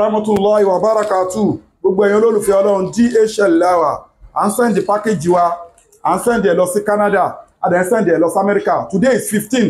rahmatulahi wa barakatu gbogbo ẹ̀yin olólùfẹ́ ọlọ́run dhl lawa à ń sẹ́ndì pákéjì wa à ń sẹ́ndì ẹ̀ lọ sí Canada à dẹ̀ ń sẹ́ndì ẹ̀ lọ sí America today is fifteen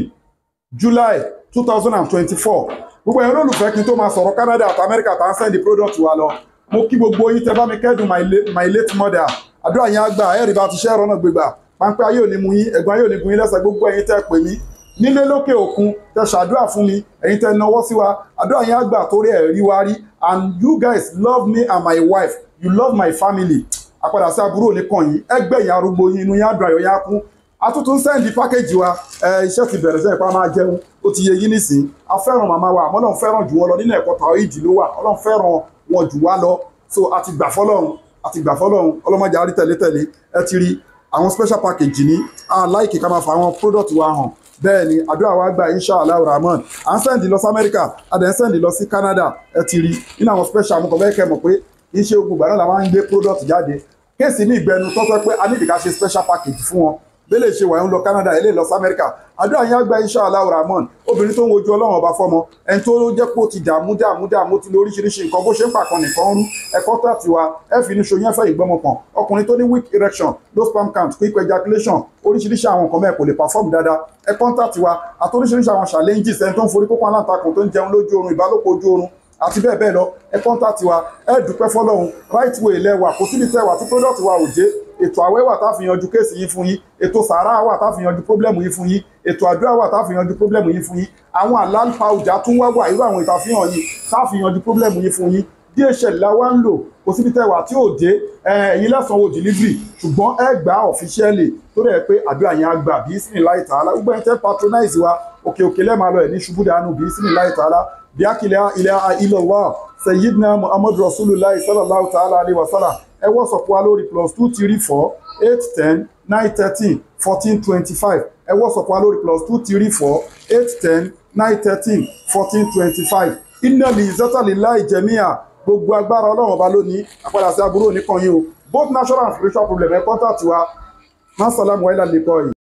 July two thousand and twenty-four gbogbo ẹ̀yin olólùfẹ́ kí n tó máa sọ̀rọ̀ Canada àti America tá à ń sẹ́ndì product wa lọ mo kí gbogbo yín tẹ́ bá mi kẹ́dùn my late mother àdúrà yín á gbà ẹ̀rí bá ti ṣẹ́ ẹ̀rọ náà gbégbà pápẹ́ ayé ò ní mu yín ẹ̀gbọ́n ayé ò ní bu yín lẹ́sẹ̀ gbogbo ẹ̀yin tẹ́ pè mí nílé lókè òkun tẹ́ ṣàdúrà fún mi ẹ̀yin tẹ́ náwó sí wa àdúrà yín á gbà torí ẹ̀rí wa rí and you guys love me and my wife you love my family àpadà sí aburú òní kàn yín ẹgbẹ́ yín arúgbó yín inú yín àdùn àyọ̀ yín á kún atuntun sẹ́ndì pákéjì wa iṣẹ́ ti bẹ̀rẹ̀ sẹ́yìn pa máa jẹun ó ti yẹ yín nísìn a fẹ́ràn màmá wa àmọ́ Ọlọ́run fẹ́ràn jù wọ́n lọ nínú ẹ̀kọ́ tàwọn ìdí ló wà Ọlọ́run fẹ́ràn wọn jù wá lọ so àti gbà fọlọ́run àti gbà fọlọ́run ọlọ́mọdé àrí tẹ̀lé tẹ̀lé ẹ ti rí àwọn special package ní a láìkè ká máa fa àwọn product wa hàn bẹ́ẹ̀ ni àdúrà wa gba Isha rahman à ń sẹ́ndì lọ sí amẹ́ríkà à dẹ̀ ń sẹ́ndì lọ sí canada ẹ ti rí nínú àwọn special amúkọ̀ bẹ́ẹ̀ kẹ́ mọ̀ pé iṣẹ́ ogun gbàdúrà làwọn ń gbé product jáde kéèsì ní ìgbẹnu tó fẹ́ pé a nídìí ká ṣe special package fún wọn bẹ́lẹ̀ ṣe wà ń lọ Canada ilé lọ sí Amẹ́ríkà àdúrà yín àgbà insha Allah rahman obìnrin tó ń wojú ọlọ́run ọba fọmọ ẹni tó jẹ́ pé ó ti dààmú dààmú dààmú ti lé oríṣiríṣi nǹkan bó ṣe ń pàkan nìkan rú ẹ̀kọ́ tó àti wa ẹ fi ní ṣoyún ẹ̀fẹ́ ìgbọ́mọkàn ọkùnrin tó ní weak erection low sperm count quick ejaculation oríṣiríṣi àwọn nǹkan mẹ́ẹ̀ kò lè perform dáadáa ẹ kọ́ńtàtì wa àti oríṣiríṣi àwọn challenges ẹni tó ń forí kókó aláǹtakùn tó ń jẹun lójú oorun ìbálòpọ̀ ojú oorun àti bẹ́ẹ̀ bẹ́ẹ̀ lọ ẹ kọ́ńtàtì wa ẹ dúpẹ́ fọlọ́run right way lẹ́wà kò síbi tẹ́wà tí product wa ò dé ètò àwẹ̀ wà tá a fi yanjú kéèsì yìí fún yín ètò sàárà wà tá a fi yanjú pọ́blẹ́mù yìí fún yín ètò àdúrà wà tá a fi yanjú pọ́blẹ́mù yìí fún yín àwọn àlàl pàwùjà tún wá wà irú àwọn ìtàfihàn yìí tá a fi yanjú pọ́blẹ́mù yìí fún yín DHL la wá ń lò kò síbi tẹ́wà tí ò dé ẹ̀yin lẹ́sàn-án wo delivery ṣùgbọ́n ẹ gbà ọ̀fíṣẹ́lì tó rẹ̀ pé àdúrà yẹn á gbà bísí ní láìta alá gbogbo ẹ̀ tẹ́ patronize wa òkè òkè lẹ́ẹ̀ máa lọ ẹ̀ ní ṣubú dànù bísí ní láìta alá bíákìlá ilẹ̀ ilọ̀wà sayyidna muhammadu rasulullah sallallahu ta'ala alayhi wa sallam ẹ wọ́sọ̀pọ̀ wa lórí plus two three four eight ten nine thirteen fourteen twenty five ẹ wọ́sọ̀pọ̀ wa lórí plus two three four eight ten nine thirteen fourteen twenty five iná lè zọ́tàlì láì jẹ̀míà gbogbo agbára ọlọ́run ọba lónìí àpàdà sí aburú oníkan yìí o both natural and spiritual problem ẹ kọ́ńtà tiwa masalamu wa ilà lè kọ́ yìí.